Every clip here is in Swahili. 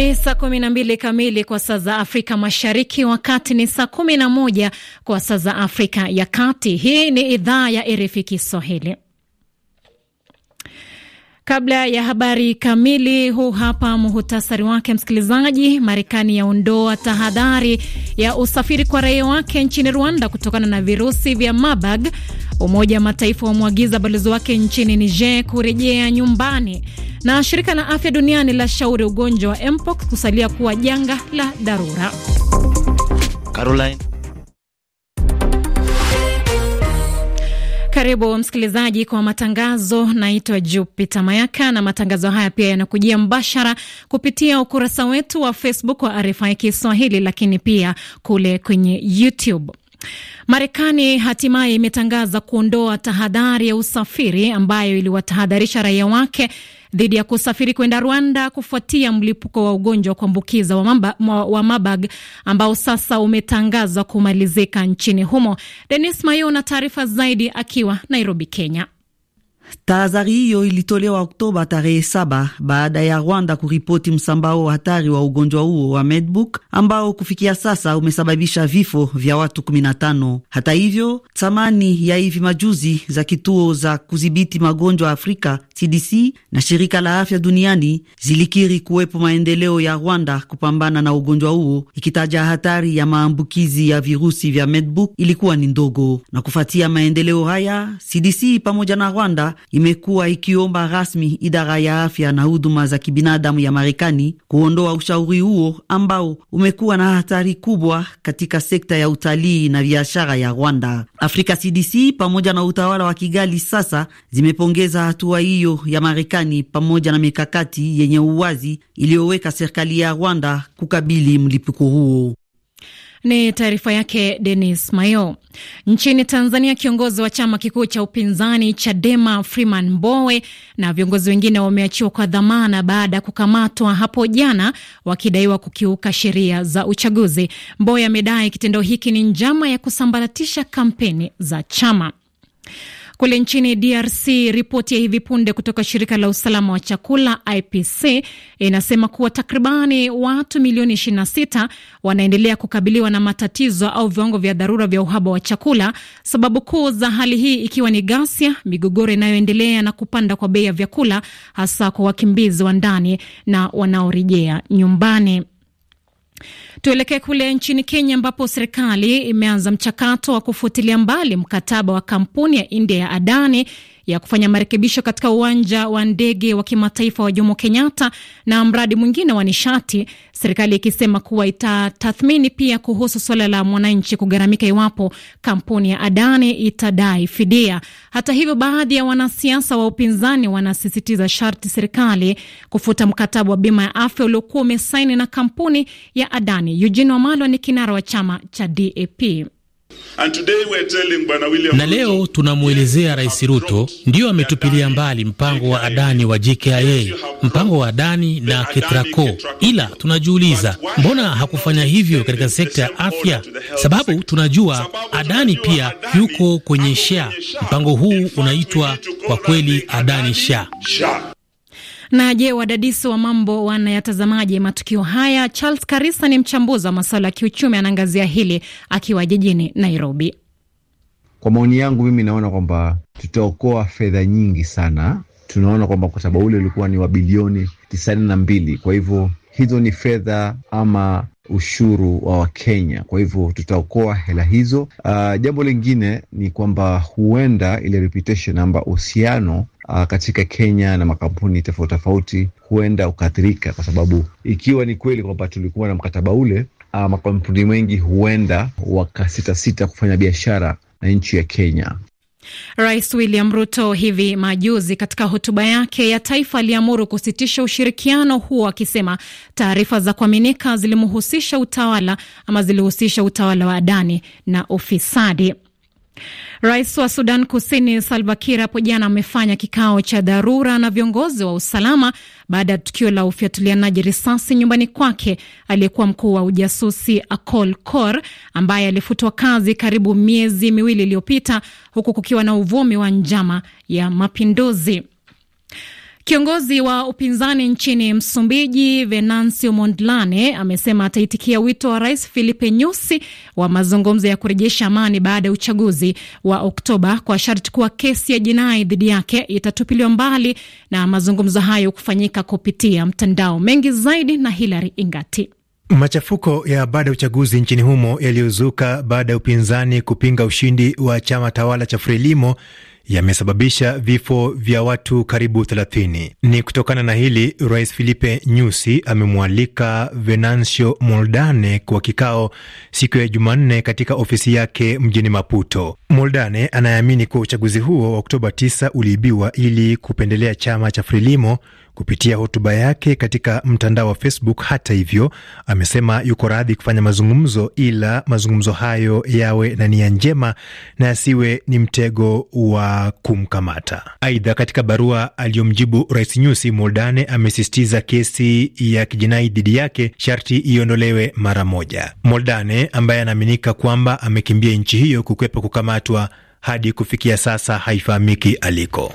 Ni saa kumi na mbili kamili kwa saa za Afrika Mashariki, wakati ni saa kumi na moja kwa saa za Afrika ya Kati. Hii ni idhaa ya RFI Kiswahili. Kabla ya habari kamili, huu hapa muhutasari wake msikilizaji. Marekani yaondoa tahadhari ya usafiri kwa raia wake nchini Rwanda kutokana na virusi vya Marburg. Umoja wa Mataifa wamwagiza balozi wake nchini Niger kurejea nyumbani, na shirika la afya duniani la shauri ugonjwa wa mpox kusalia kuwa janga la dharura. Caroline Karibu msikilizaji kwa matangazo. Naitwa Jupita Mayaka na matangazo haya pia yanakujia mbashara kupitia ukurasa wetu wa Facebook wa RFI Kiswahili, lakini pia kule kwenye YouTube. Marekani hatimaye imetangaza kuondoa tahadhari ya usafiri ambayo iliwatahadharisha raia wake dhidi ya kusafiri kwenda Rwanda kufuatia mlipuko wa ugonjwa wa kuambukiza wa mabag ambao sasa umetangazwa kumalizika nchini humo. Denis Mayo na taarifa zaidi akiwa Nairobi, Kenya. Tahadhari hiyo ilitolewa Oktoba tarehe saba baada ya Rwanda kuripoti msambao wa hatari wa ugonjwa huo wa Medbook ambao kufikia sasa umesababisha vifo vya watu 15. Hata hivyo, thamani ya hivi majuzi za kituo za kudhibiti magonjwa Afrika CDC na shirika la afya duniani zilikiri kuwepo maendeleo ya Rwanda kupambana na ugonjwa huo, ikitaja hatari ya maambukizi ya virusi vya Medbook ilikuwa ni ndogo. Na kufuatia maendeleo haya, CDC pamoja na Rwanda imekuwa ikiomba rasmi idara ya afya na huduma za kibinadamu ya Marekani kuondoa ushauri huo ambao umekuwa na hatari kubwa katika sekta ya utalii na biashara ya Rwanda. Afrika CDC pamoja na utawala wa Kigali sasa zimepongeza hatua hiyo hiyo ya Marekani pamoja na mikakati yenye uwazi iliyoweka serikali ya Rwanda kukabili mlipuko huo. Ni taarifa yake Denis Mayo. Nchini Tanzania, kiongozi wa chama kikuu cha upinzani Chadema Freeman Mbowe na viongozi wengine wameachiwa kwa dhamana baada ya kukamatwa hapo jana wakidaiwa kukiuka sheria za uchaguzi. Mbowe amedai kitendo hiki ni njama ya kusambaratisha kampeni za chama. Kule nchini DRC, ripoti ya hivi punde kutoka shirika la usalama wa chakula IPC inasema kuwa takribani watu milioni 26 wanaendelea kukabiliwa na matatizo au viwango vya dharura vya uhaba wa chakula, sababu kuu za hali hii ikiwa ni ghasia, migogoro inayoendelea na kupanda kwa bei ya vyakula, hasa kwa wakimbizi wa ndani na wanaorejea nyumbani. Tuelekee kule nchini Kenya ambapo serikali imeanza mchakato wa kufutilia mbali mkataba wa kampuni ya India ya Adani ya kufanya marekebisho katika uwanja wa ndege wa kimataifa wa Jomo Kenyatta na mradi mwingine wa nishati, serikali ikisema kuwa itatathmini pia kuhusu suala la mwananchi kugharamika iwapo kampuni ya Adani itadai fidia. Hata hivyo, baadhi ya wanasiasa wa upinzani wanasisitiza sharti serikali kufuta mkataba wa bima ya afya uliokuwa umesaini na kampuni ya Adani madarakani. Eugene Wamalwa ni kinara wa chama cha DAP. And today we are telling Bwana William na leo tunamwelezea Rais Ruto ndiyo ametupilia mbali mpango wa Adani wa JKIA, mpango wa Adani na Ketraco. Ila tunajiuliza mbona hakufanya hivyo katika sekta ya afya? Sababu tunajua Adani pia yuko kwenye sha. Mpango huu unaitwa kwa kweli Adani sha. Na je, wadadisi wa mambo wanayatazamaje matukio haya? Charles Karisa ni mchambuzi wa masuala ya kiuchumi, anaangazia hili akiwa jijini Nairobi. Kwa maoni yangu mimi naona kwamba tutaokoa fedha nyingi sana. Tunaona kwamba mkataba ule ulikuwa ni wa bilioni tisini na mbili, kwa hivyo hizo ni fedha ama ushuru wa Wakenya. Kwa hivyo tutaokoa hela hizo. Uh, jambo lingine ni kwamba huenda ile reputation amba uhusiano uh, katika Kenya na makampuni tofauti tofauti huenda ukaathirika, kwa sababu ikiwa ni kweli kwamba tulikuwa na mkataba ule, uh, makampuni mengi huenda wakasitasita kufanya biashara na nchi ya Kenya. Rais William Ruto hivi majuzi katika hotuba yake ya taifa aliamuru kusitisha ushirikiano huo, akisema taarifa za kuaminika zilimhusisha utawala ama zilihusisha utawala wa Adani na ufisadi. Rais wa Sudan Kusini Salva Kiir hapo jana amefanya kikao cha dharura na viongozi wa usalama baada ya tukio la ufyatulianaji risasi nyumbani kwake aliyekuwa mkuu wa ujasusi Akol Kor ambaye alifutwa kazi karibu miezi miwili iliyopita huku kukiwa na uvumi wa njama ya mapinduzi. Kiongozi wa upinzani nchini Msumbiji, Venancio Mondlane, amesema ataitikia wito wa Rais Filipe Nyusi wa mazungumzo ya kurejesha amani baada ya uchaguzi wa Oktoba kwa sharti kuwa kesi ya jinai dhidi yake itatupiliwa mbali na mazungumzo hayo kufanyika kupitia mtandao. Mengi zaidi na Hilary Ingati. Machafuko ya baada ya uchaguzi nchini humo yaliyozuka baada ya upinzani kupinga ushindi wa chama tawala cha Frelimo yamesababisha vifo vya watu karibu 30. Ni kutokana na hili, Rais Filipe Nyusi amemwalika Venancio Moldane kwa kikao siku ya Jumanne katika ofisi yake mjini Maputo. Moldane anayeamini kuwa uchaguzi huo wa Oktoba 9 uliibiwa ili kupendelea chama cha Frelimo kupitia hotuba yake katika mtandao wa Facebook. Hata hivyo, amesema yuko radhi kufanya mazungumzo, ila mazungumzo hayo yawe na nia njema na yasiwe ni mtego wa kumkamata. Aidha, katika barua aliyomjibu Rais Nyusi, Moldane amesisitiza kesi ya kijinai dhidi yake sharti iondolewe mara moja. Moldane ambaye anaaminika kwamba amekimbia nchi hiyo kukwepa kukamatwa hadi kufikia sasa haifahamiki aliko.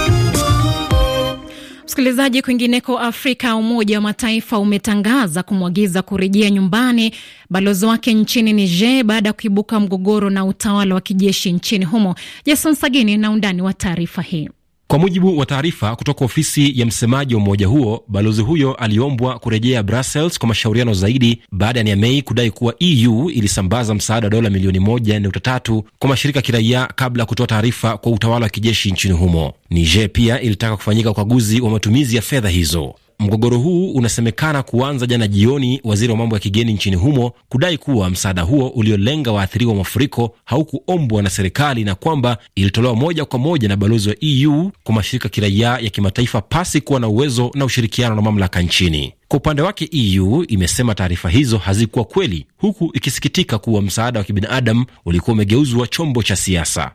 Msikilizaji, kwingineko Afrika, Umoja wa Mataifa umetangaza kumwagiza kurejea nyumbani balozi wake nchini Niger baada ya kuibuka mgogoro na utawala wa kijeshi nchini humo. Jason Sagini na undani wa taarifa hii. Kwa mujibu wa taarifa kutoka ofisi ya msemaji wa umoja huo, balozi huyo aliombwa kurejea Brussels kwa mashauriano zaidi baada ya Niamey kudai kuwa EU ilisambaza msaada wa dola milioni 1.3 kwa mashirika ya kiraia kabla ya kutoa taarifa kwa utawala wa kijeshi nchini humo. Niger pia ilitaka kufanyika ukaguzi wa matumizi ya fedha hizo. Mgogoro huu unasemekana kuanza jana jioni, waziri wa mambo ya kigeni nchini humo kudai kuwa msaada huo uliolenga waathiriwa mafuriko haukuombwa na serikali na kwamba ilitolewa moja kwa moja na balozi wa EU kwa mashirika kiraia ya kimataifa pasi kuwa na uwezo na ushirikiano na mamlaka nchini. Kwa upande wake EU imesema taarifa hizo hazikuwa kweli, huku ikisikitika kuwa msaada wa kibinadamu ulikuwa umegeuzwa chombo cha siasa.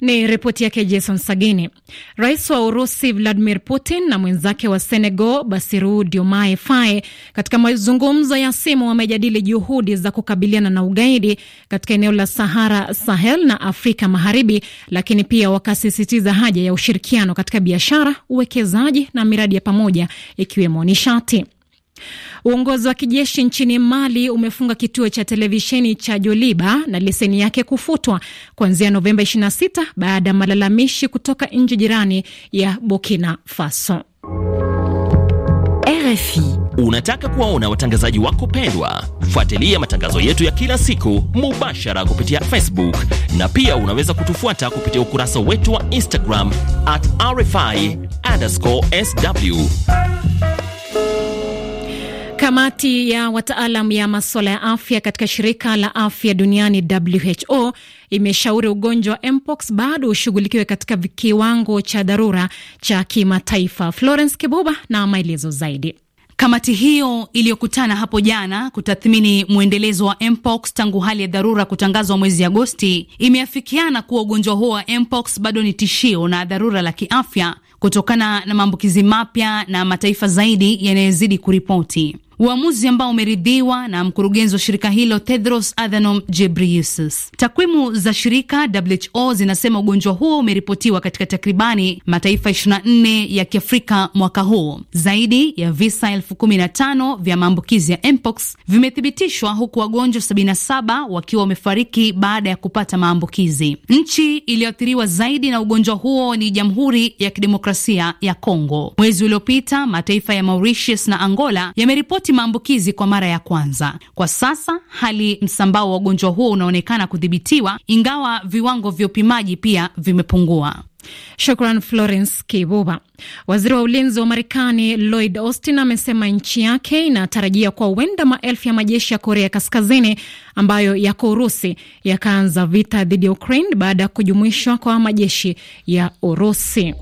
Ni ripoti yake Jason Sagini. Rais wa Urusi Vladimir Putin na mwenzake wa Senegal Bassirou Diomaye Faye katika mazungumzo ya simu wamejadili juhudi za kukabiliana na ugaidi katika eneo la Sahara, Sahel na Afrika Magharibi, lakini pia wakasisitiza haja ya ushirikiano katika biashara, uwekezaji na miradi ya pamoja ikiwemo nishati. Uongozi wa kijeshi nchini Mali umefunga kituo cha televisheni cha Joliba na leseni yake kufutwa kuanzia Novemba 26 baada ya malalamishi kutoka nchi jirani ya Burkina Faso. RFI. Unataka kuwaona watangazaji wako pendwa? Fuatilia matangazo yetu ya kila siku mubashara kupitia Facebook na pia unaweza kutufuata kupitia ukurasa wetu wa Instagram at sw Kamati ya wataalam ya masuala ya afya katika shirika la afya duniani WHO imeshauri ugonjwa wa mpox bado ushughulikiwe katika kiwango cha dharura cha kimataifa. Florence Kibuba na maelezo zaidi. Kamati hiyo iliyokutana hapo jana kutathmini mwendelezo wa mpox tangu hali ya dharura kutangazwa mwezi Agosti imeafikiana kuwa ugonjwa huo wa mpox bado ni tishio na dharura la kiafya kutokana na maambukizi mapya na mataifa zaidi yanayozidi kuripoti uamuzi ambao umeridhiwa na mkurugenzi wa shirika hilo Tedros Adhanom Ghebreyesus. Takwimu za shirika WHO zinasema ugonjwa huo umeripotiwa katika takribani mataifa 24 ya Kiafrika mwaka huu. Zaidi ya visa elfu kumi na tano vya maambukizi ya mpox vimethibitishwa huku wagonjwa 77 wakiwa wamefariki baada ya kupata maambukizi. Nchi iliyoathiriwa zaidi na ugonjwa huo ni Jamhuri ya Kidemokrasia ya Kongo. Mwezi uliopita mataifa ya Mauritius na Angola yameripoti kuripoti maambukizi kwa mara ya kwanza. Kwa sasa hali msambao wa ugonjwa huo unaonekana kudhibitiwa, ingawa viwango vya upimaji pia vimepungua. Shukran Florence Kibuba. Waziri wa ulinzi wa Marekani Lloyd Austin amesema nchi yake inatarajia kuwa huenda maelfu ya majeshi ya Korea Kaskazini ambayo yako Urusi yakaanza vita dhidi ya Ukraine baada ya kujumuishwa kwa majeshi ya Urusi.